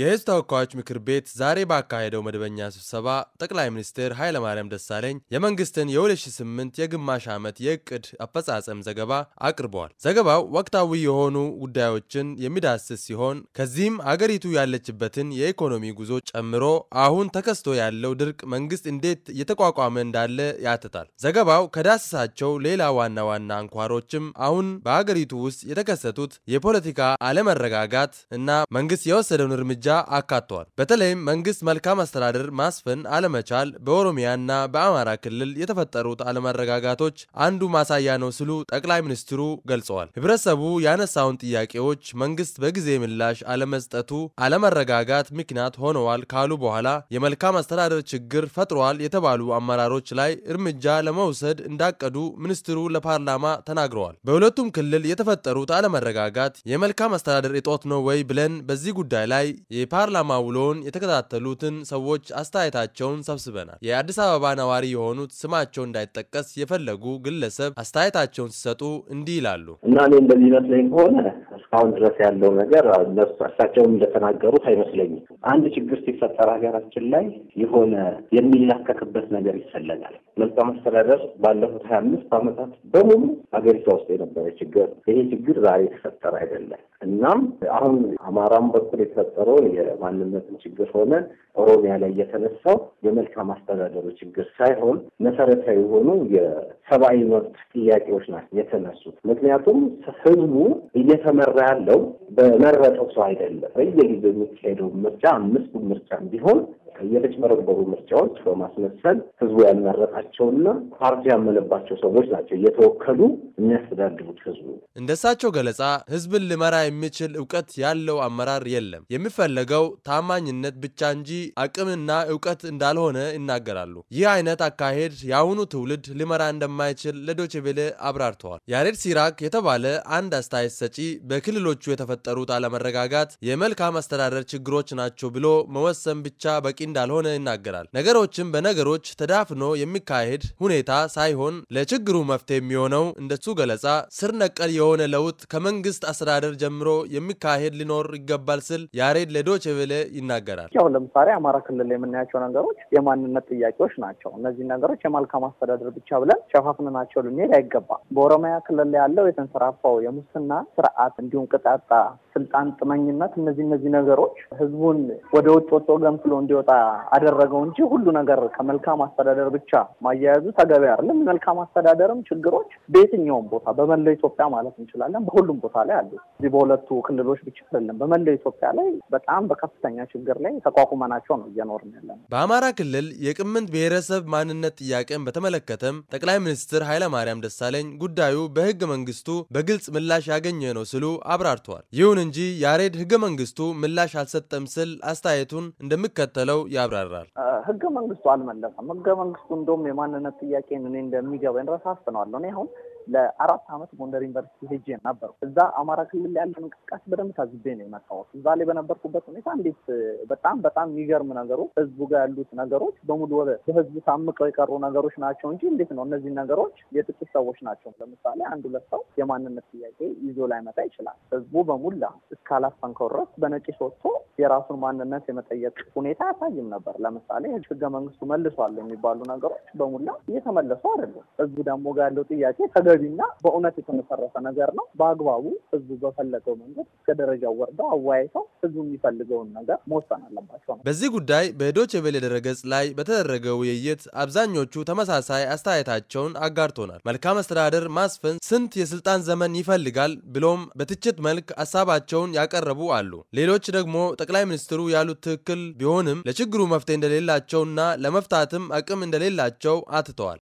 የሕዝብ ተወካዮች ምክር ቤት ዛሬ ባካሄደው መደበኛ ስብሰባ ጠቅላይ ሚኒስትር ኃይለማርያም ደሳለኝ የመንግስትን የ2008 የግማሽ ዓመት የእቅድ አፈጻጸም ዘገባ አቅርበዋል። ዘገባው ወቅታዊ የሆኑ ጉዳዮችን የሚዳስስ ሲሆን ከዚህም አገሪቱ ያለችበትን የኢኮኖሚ ጉዞ ጨምሮ አሁን ተከስቶ ያለው ድርቅ መንግስት እንዴት እየተቋቋመ እንዳለ ያትታል። ዘገባው ከዳስሳቸው ሌላ ዋና ዋና አንኳሮችም አሁን በአገሪቱ ውስጥ የተከሰቱት የፖለቲካ አለመረጋጋት እና መንግስት የወሰደውን እርምጃ እርምጃ አካቷል። በተለይም መንግስት መልካም አስተዳደር ማስፈን አለመቻል በኦሮሚያና በአማራ ክልል የተፈጠሩት አለመረጋጋቶች አንዱ ማሳያ ነው ሲሉ ጠቅላይ ሚኒስትሩ ገልጸዋል። ህብረተሰቡ ያነሳውን ጥያቄዎች መንግስት በጊዜ ምላሽ አለመስጠቱ አለመረጋጋት ምክንያት ሆነዋል ካሉ በኋላ የመልካም አስተዳደር ችግር ፈጥሯል የተባሉ አመራሮች ላይ እርምጃ ለመውሰድ እንዳቀዱ ሚኒስትሩ ለፓርላማ ተናግረዋል። በሁለቱም ክልል የተፈጠሩት አለመረጋጋት የመልካም አስተዳደር እጦት ነው ወይ ብለን በዚህ ጉዳይ ላይ የፓርላማ ውሎውን የተከታተሉትን ሰዎች አስተያየታቸውን ሰብስበናል። የአዲስ አበባ ነዋሪ የሆኑት ስማቸው እንዳይጠቀስ የፈለጉ ግለሰብ አስተያየታቸውን ሲሰጡ እንዲህ ይላሉ እና እኔ እንደዚህ ይመስለኝ ከሆነ እስካሁን ድረስ ያለው ነገር እሳቸውም እንደተናገሩት አይመስለኝም። አንድ ችግር ሲፈጠር ሀገራችን ላይ የሆነ የሚላከክበት ነገር ይፈለጋል። መልካም አስተዳደር ባለፉት ሀያ አምስት ዓመታት በሙሉ ሀገሪቷ ውስጥ የነበረ ችግር ይሄ ችግር ዛሬ የተፈጠረ አይደለም። እናም አሁን አማራም በኩል የተፈጠረው የማንነትን ችግር ሆነ ኦሮሚያ ላይ የተነሳው የመልካም አስተዳደሩ ችግር ሳይሆን መሰረታዊ የሆኑ የሰብአዊ መብት ጥያቄዎች ናቸው የተነሱት። ምክንያቱም ህዝቡ እየተመራ ያለው በመረጠው ሰው አይደለም። በየጊዜው የሚካሄደው ምርጫ አምስቱ ምርጫ ቢሆን እየተጭበረበሩ ምርጫዎች በማስመሰል ህዝቡ ያልመረጣቸውና ፓርቲ ያመነባቸው ሰዎች ናቸው እየተወከሉ የሚያስተዳድሩት ህዝቡ። እንደሳቸው ገለጻ ህዝብን ልመራ የሚችል እውቀት ያለው አመራር የለም። የሚፈለገው ታማኝነት ብቻ እንጂ አቅምና እውቀት እንዳልሆነ ይናገራሉ። ይህ አይነት አካሄድ የአሁኑ ትውልድ ሊመራ እንደማይችል ለዶችቬሌ አብራርተዋል። ያሬድ ሲራክ የተባለ አንድ አስተያየት ሰጪ በክልሎቹ የተፈጠሩት አለመረጋጋት የመልካም አስተዳደር ችግሮች ናቸው ብሎ መወሰን ብቻ በቂ እንዳልሆነ ይናገራል። ነገሮችን በነገሮች ተዳፍኖ የሚካሄድ ሁኔታ ሳይሆን ለችግሩ መፍትሄ የሚሆነው እንደሱ ገለጻ ስር ነቀል የሆነ ለውጥ ከመንግስት አስተዳደር ጀምሮ የሚካሄድ ሊኖር ይገባል ስል ያሬድ ለዶቼ ቬለ ይናገራል። አሁን ለምሳሌ አማራ ክልል የምናያቸው ነገሮች የማንነት ጥያቄዎች ናቸው። እነዚህ ነገሮች የመልካም አስተዳደር ብቻ ብለን ሸፋፍንናቸው ልንሄድ አይገባም። በኦሮሚያ ክልል ያለው የተንሰራፋው የሙስና ስርዓት እንዲሁም ቅጣጣ፣ ስልጣን ጥመኝነት፣ እነዚህ እነዚህ ነገሮች ህዝቡን ወደ ውጭ ወጥቶ ገንፍሎ እንዲወጣ አደረገው እንጂ ሁሉ ነገር ከመልካም አስተዳደር ብቻ ማያያዙ ተገቢ አይደለም። መልካም አስተዳደርም ችግሮች በየትኛውም ቦታ በመላው ኢትዮጵያ ማለት እንችላለን በሁሉም ቦታ ላይ አሉ። እዚህ በሁለቱ ክልሎች ብቻ አይደለም፣ በመላው ኢትዮጵያ ላይ በጣም በከፍተኛ ችግር ላይ ተቋቁመናቸው ነው እየኖርን ያለ ነው። በአማራ ክልል የቅምንት ብሔረሰብ ማንነት ጥያቄን በተመለከተም ጠቅላይ ሚኒስትር ኃይለማርያም ደሳለኝ ጉዳዩ በህገ መንግስቱ በግልጽ ምላሽ ያገኘ ነው ሲሉ አብራርተዋል። ይሁን እንጂ ያሬድ ህገ መንግስቱ ምላሽ አልሰጠም ስል አስተያየቱን እንደሚከተለው ያብራራል። ህገ መንግስቱ አልመለሰም። ህገ መንግስቱ እንደውም የማንነት ጥያቄን እኔ እንደሚገባ ረሳስ ነዋለሁ። እኔ አሁን ለአራት ዓመት ጎንደር ዩኒቨርሲቲ ሄጄ ነበሩ። እዛ አማራ ክልል ያለን እንቅስቃሴ በደንብ ታዝቤ ነው የመጣሁት። እዛ ላይ በነበርኩበት ሁኔታ እንዴት በጣም በጣም የሚገርም ነገሮች ህዝቡ ጋር ያሉት ነገሮች በሙሉ በህዝቡ ታምቀው የቀሩ ነገሮች ናቸው እንጂ እንዴት ነው እነዚህ ነገሮች የጥቂት ሰዎች ናቸው። ለምሳሌ አንድ ሁለት ሰው የማንነት ጥያቄ ይዞ ላይመጣ ይችላል። ህዝቡ በሙላ እስካላፈንከው ድረስ በነቂስ ወጥቶ የራሱን ማንነት የመጠየቅ ሁኔታ አያሳይም ነበር። ለምሳሌ ህገ መንግስቱ መልሷል የሚባሉ ነገሮች በሙላ እየተመለሱ አይደለም። ህዝቡ ደግሞ ጋር ያለው ጥያቄ ተገቢና በእውነት የተመሰረተ ነገር ነው። በአግባቡ ህዝቡ በፈለገው መንገድ ደረጃው ወርደው አወያይተው ህዝቡ የሚፈልገውን ነገር መወሰን አለባቸው ነው። በዚህ ጉዳይ በዶቼ ቬለ ድረገጽ ላይ በተደረገው ውይይት አብዛኞቹ ተመሳሳይ አስተያየታቸውን አጋርቶናል። መልካም አስተዳደር ማስፈን ስንት የስልጣን ዘመን ይፈልጋል ብሎም በትችት መልክ ሀሳባቸውን ያቀረቡ አሉ። ሌሎች ደግሞ ጠቅላይ ሚኒስትሩ ያሉት ትክክል ቢሆንም ለችግሩ መፍትሄ እንደሌላቸውና ለመፍታትም አቅም እንደሌላቸው አትተዋል።